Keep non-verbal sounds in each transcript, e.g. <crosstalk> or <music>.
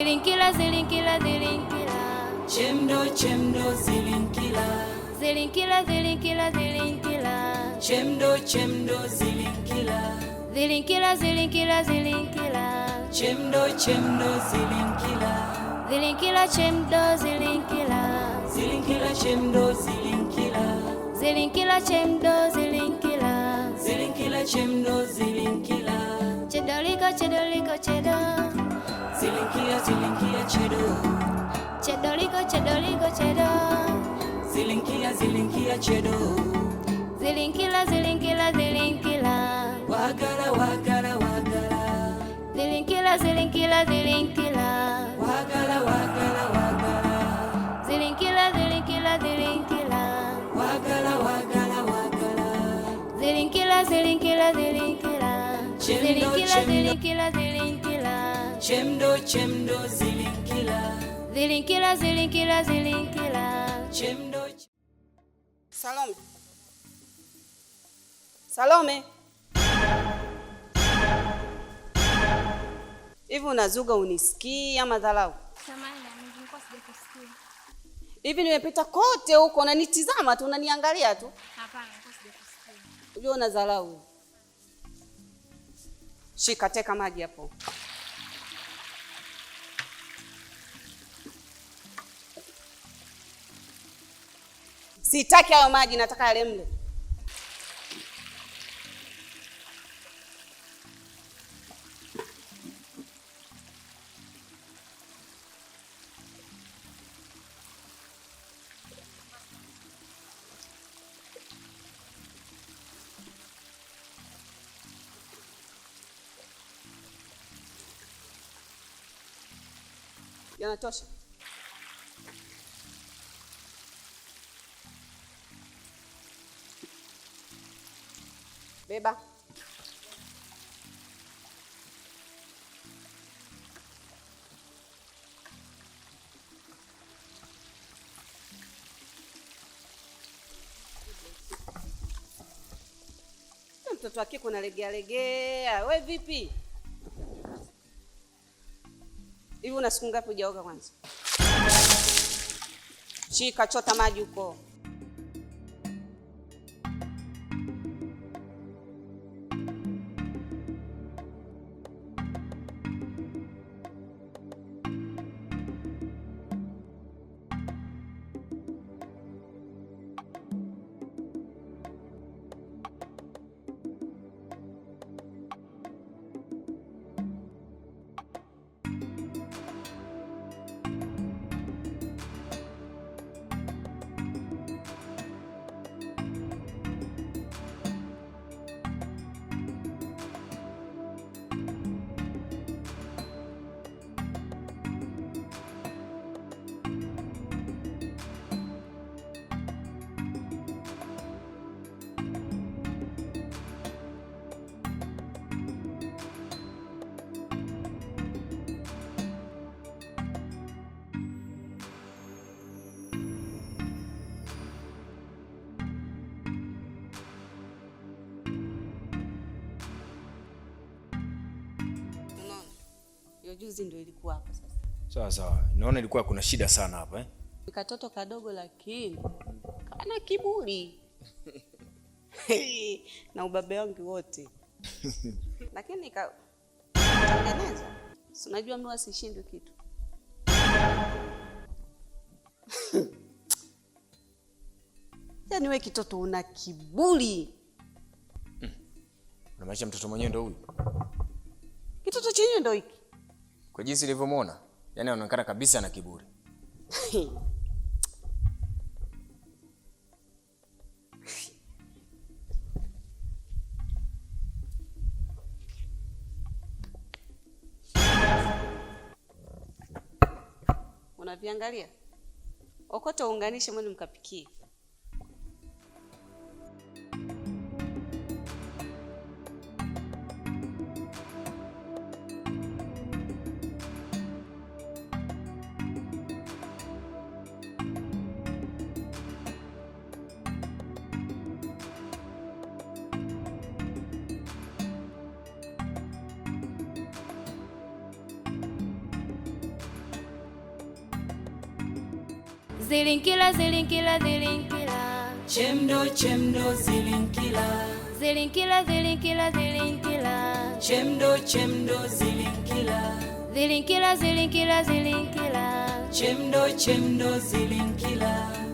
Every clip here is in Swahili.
Zilinkila, zilinkila, zilinkila. Chemdo, chemdo, zilinkila. Zilinkila, zilinkila, zilinkila. Chemdo, chemdo, zilinkila. Zilinkila, zilinkila, zilinkila. Chemdo, chemdo, zilinkila. Zilinkila, chemdo, zilinkila. Zilinkila, chemdo, zilinkila. Zilinkila, chemdo, zilinkila. Zilinkila, chemdo, zilinkila. Chedolika, chedolika, chedo chedo chedo liko chedo liko chedo zilinkila zilinkila chedo zilinkila zilinkila zilinkila wagala wagala wagala zilinkila zilinkila zilinkila wagala wagala wagala zilinkila zilinkila zilinkila wagala wagala wagala zilinkila zilinkila zilinkila zilinkila zilinkila zilinkila Chemdo chemdo zilinkila zilinkila zilinkila zilinkila chemdo ch Salome Salome, hivi unazuga unisikii ama dharau? Hivi nimepita kote huko, unanitizama tu, unaniangalia tu. Hapana, unajua una dharau. Shika, teka maji hapo. Sitaki hayo maji, nataka yale mle. Yanatosha. Beba. Hmm, mtoto wake kuna legea legea. We vipi? Hivi una siku ngapi hujaoga kwanza? Shika chota maji huko. ndio juzi ndio ilikuwa hapo sasa. Sawa sawa, naona ilikuwa kuna shida sana hapa eh? Katoto kadogo lakini kana kiburi <laughs> na ubabe wangu wote <laughs> lakini nika tengeneza, si unajua mimi wasishindwe kitu <laughs> yaani we kitoto una kiburi hmm. unamaanisha mtoto mwenyewe ndo huyu kitoto chenyewe ndo hiki kwa jinsi nilivyomwona, yani anaonekana kabisa na kiburi. Unaviangalia? okote unganishe mwili mkapikie. Zilinkila, zilinkila, zilinkila. Chemdo, chemdo, zilinkila. Zilinkila, zilinkila, zilinkila. Chemdo, chemdo, zilinkila. Zilinkila, zilinkila, zilinkila. Chemdo, chemdo, zilinkila.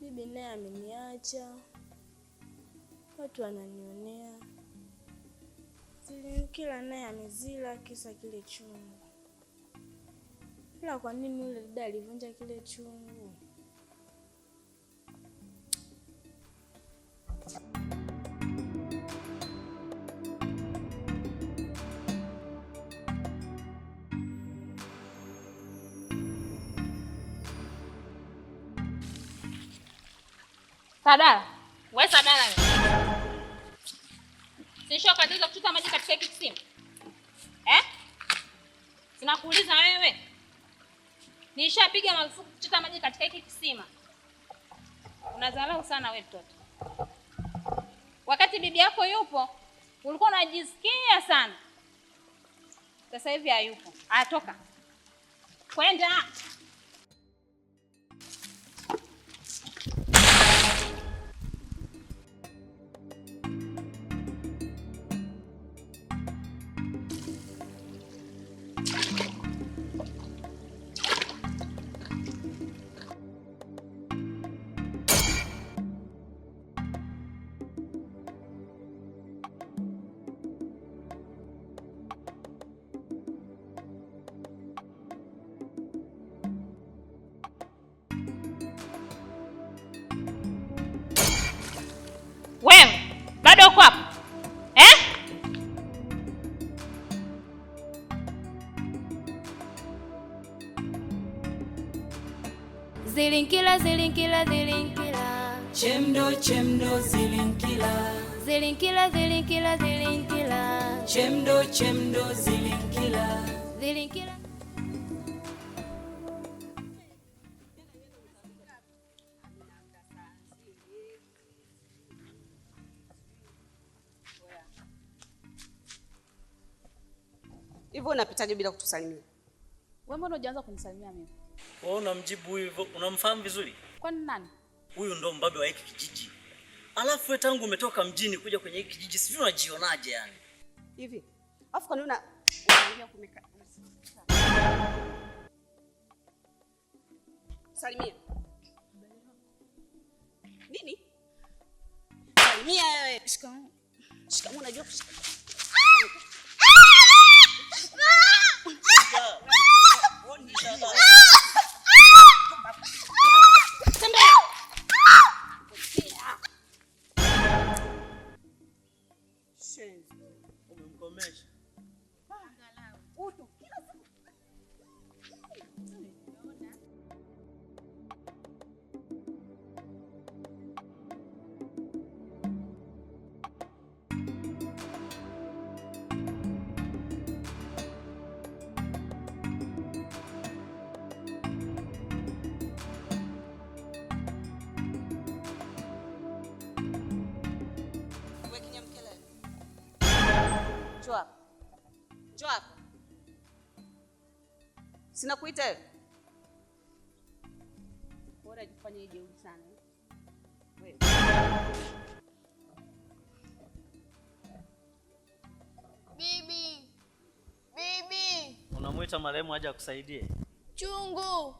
bibi naye ameniacha, watu wananionea, zilimkila naye amezila, kisa kile chungu. Ila kwa nini yule dada alivunja kile chungu? Sadala we, Sadala sishokatiza kuchota maji katika hiki kisima eh? Sinakuuliza wewe, nishapiga marufuku kuchota maji katika hiki kisima. Unadharau sana we mtoto, wakati bibi yako yupo ulikuwa unajisikia sana, sasa hivi hayupo, atoka kwenda Zilinkila, zilinkila, zilinkila. Chemdo, chemdo, zilinkila. Zilinkila, zilinkila, zilinkila. Chemdo, chemdo, zilinkila. Zilinkila. Hivyo unapitaje bila kutusalimia? Wewe mbona hujaanza kunisalimia mimi? Wewe unamjibu hivyo, unamfahamu vizuri? Kwani nani? Huyu ndo mbabe wa hiki kijiji. Alafu wewe tangu umetoka mjini kuja kwenye hiki kijiji, sivyo unajionaje yani? Hivi. Alafu kwa nini una unaingia kumeka. Salimia. Nini? Salimia wewe. Shikamoo. Shikamoo, unajua kushika. Sinakuita wewe. Bora jifanye jeuri sana. Bibi. Bibi. Unamwita marehemu aje akusaidie? Chungu.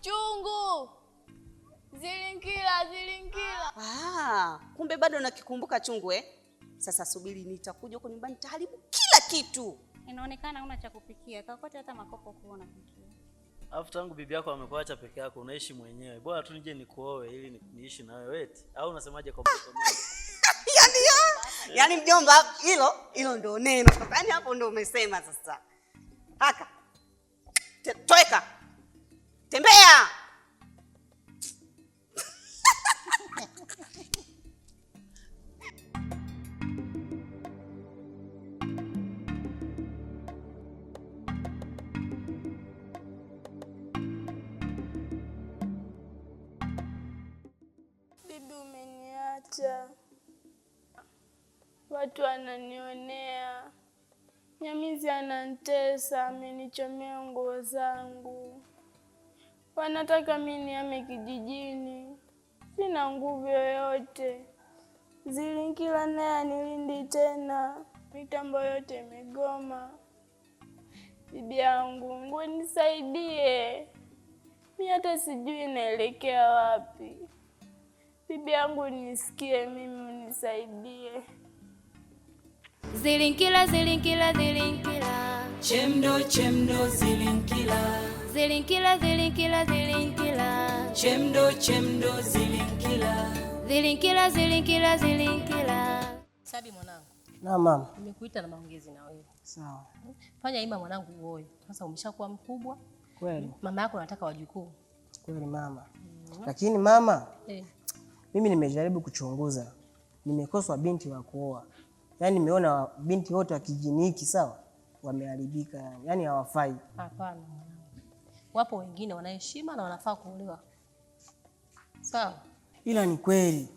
Chungu. Zilinkila, zilinkila. Ah, kumbe bado nakikumbuka chungu eh? Sasa subiri nitakuja huko nyumbani taharibu kila kitu inaonekana una cha kupikia, kakote hata makopo kuwa unapikia. Alafu tangu bibi yako amekuacha peke yako, unaishi mwenyewe, bora tu nije nikuoe ili niishi na wewe eti, au unasemaje? kwa <laughs> ya, yani mjomba, hilo hilo ndio neno yaani, hapo ndio umesema sasa. Haka toeka, tembea Ameniacha, watu wananionea, nyamizi anantesa, amenichomea nguo zangu, wanataka mimi niame kijijini. Sina nguvu yoyote, zilinkila naye anilindi tena, mitambo yote imegoma. Bibi yangu, nisaidie mi hata sijui naelekea wapi. Bibi yangu nisikie mimi, unisaidie. Zilinkila, zilinkila, zilinkila, chemdo chemdo, zilinkila, zilinkila, zilinkila, zilinkila, chemdo chemdo, zilinkila, zilinkila, zilinkila, zilinkila. Sabi mwanangu. Na mama, nimekuita na maongezi na wewe. Sawa. Fanya imba mwanangu uoe. Sasa umeshakuwa mkubwa. Kweli. Mama yako anataka wajukuu. Kweli mama. Mm. Lakini mama, eh. Mimi nimejaribu kuchunguza, nimekoswa binti wa kuoa, yaani nimeona binti wote wa kijini hiki sawa, wameharibika, yaani hawafai. Hapana, wapo wengine wanaheshima na wanafaa kuolewa, sawa. Ila ni kweli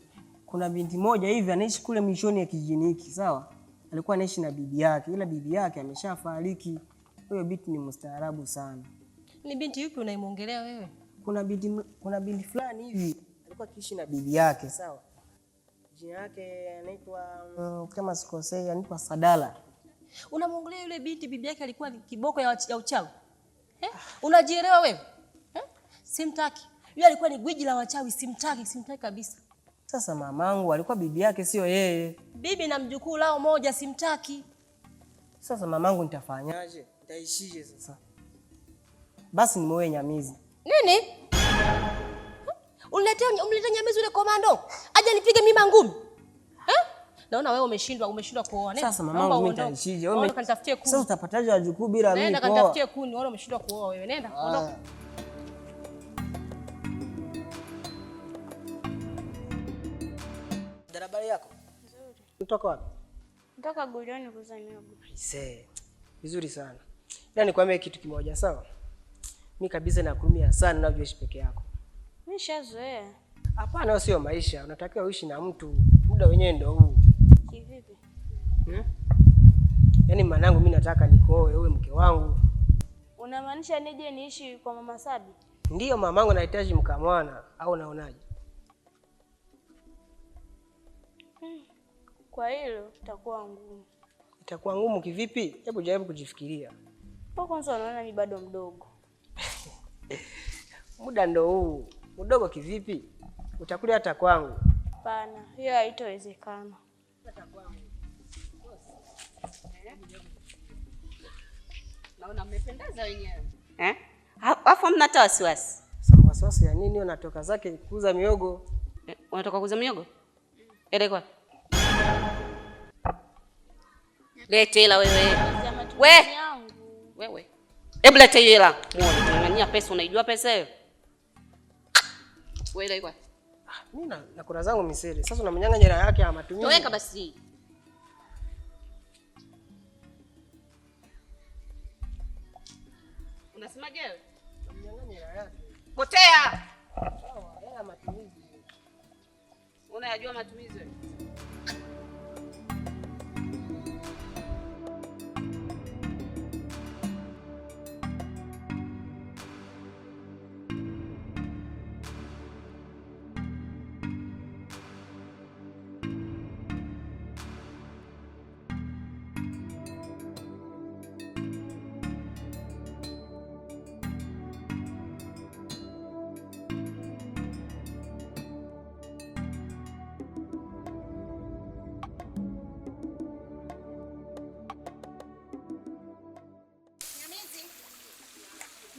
kuna binti moja hivi anaishi kule mwishoni ya kijini hiki sawa, alikuwa anaishi na bibi yake, ila bibi yake ameshafariki. Huyo binti ni mstaarabu sana. Ni binti yupi unaimongelea wewe? Kuna binti, kuna binti fulani hivi alikuwa akiishi na bibi yake, sawa. Jina yake anaitwa um, kama sikosei, anaitwa Sadala. Unamwongelea yule binti, bibi yake alikuwa kiboko ya, ya uchawi eh? Unajielewa wewe eh? Simtaki yule, alikuwa ni gwiji la wachawi. Simtaki, simtaki kabisa. Sasa mamangu alikuwa bibi yake, sio yeye. Bibi na mjukuu lao moja, simtaki. Sasa mamangu, nitafanyaje? Nitaishije sasa? Basi nimeoe nyamizi nini? Unilete umlete Nyamwezi yule komando aje nipige mimi ngumu. Eh? Naona wewe umeshindwa umeshindwa kuoa. Sasa mama umetanishije? Wewe kanitafutie kuni. Sasa utapataje wajukuu bila mimi? Nenda kanitafutie kuni, wewe umeshindwa kuoa wewe. Nenda ah. ondoka. Barabara yako? Nzuri. Kutoka wapi? Kutoka Gulioni kuzaniwa. Sasa. Vizuri sana. Na yaani nikwambie kitu kimoja sawa? Mimi kabisa nakurumia sana na unavyoishi peke yako. Nishazoea. Hapana, sio maisha, unatakiwa uishi na mtu, muda wenyewe ndio huu. Kivipi? Hmm? Yaani mwanangu, mimi nataka nikuoe uwe mke wangu. Unamaanisha nije niishi kwa mama Sabi? Ndiyo, mamangu anahitaji mkamwana au naonaje? Hmm. Kwa hilo itakuwa ngumu. Itakuwa ngumu kivipi? Hebu jaribu kujifikiria. Kwa kwanza unaona mimi bado mdogo. <laughs> Muda ndo huu. Mdogo kivipi? Utakulia hata kwangu? Hapana, hiyo haitowezekana. Hata kwangu. Naona mmependeza wenyewe. Eh? Hapo mna hata wasiwasi. Sawa, wasiwasi ya nini? Unatoka zake kuuza miogo. Eh, unatoka kuuza miogo? Ele kwa. Lete hela wewe. We. Wewe. Hebu lete hela. Muone, tunanyanyia pesa, unaijua pesa hiyo? Wewe kwa. Ah, mimi na nakula zangu misele. Sasa unamenyanga nyara yake ya matumizi. Weka basi. Unasemaje wewe? Unamenyanga nyara yake. Potea. Sawa, ya matumizi. Unayajua matumizi wewe?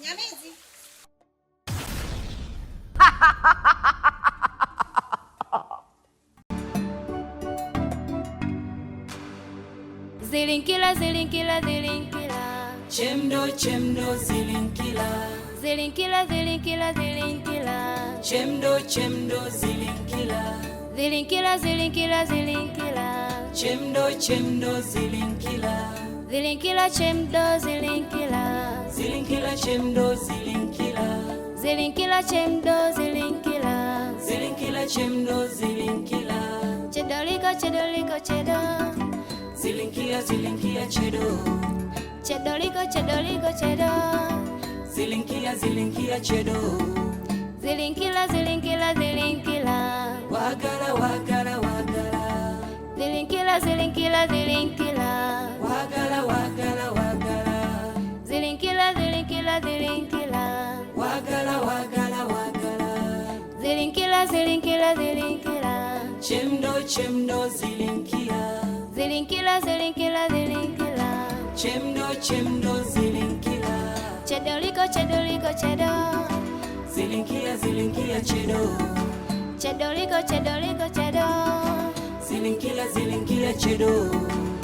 Nyamizi. Zilinkila, zilinkila, zilinkila. Chemdo, chemdo, zilinkila. Zilinkila, zilinkila, zilinkila. Chemdo, chemdo, zilinkila. Zilinkila, zilinkila, zilinkila. Chemdo, chemdo, zilinkila. Zilinkila, chemdo, zilinkila. Zilinkila chemdo zilinkila Zilinkila chemdo zilinkila Zilinkila chemdo zilinkila Chedoliko chedoliko chedo Zilinkila zilinkia chedo Chedoliko chedoliko chedo Zilinkia zilinkia chedo Zilinkila zilinkila zilinkila Wagala wagala wagala Zilinkila zilinkila zilinkila Wagala wagala wagala zilinkila zilinkila wagala wagala wagala zilinkila zilinkila zilinkila chemdo chemdo zilinkila zilinkila zilinkila zilinkila chemdo chemdo zilinkila chedoliko chedoliko chedo zilinkila zilinkila chedo chedoliko chedoliko chedo zilinkila zilinkila chedo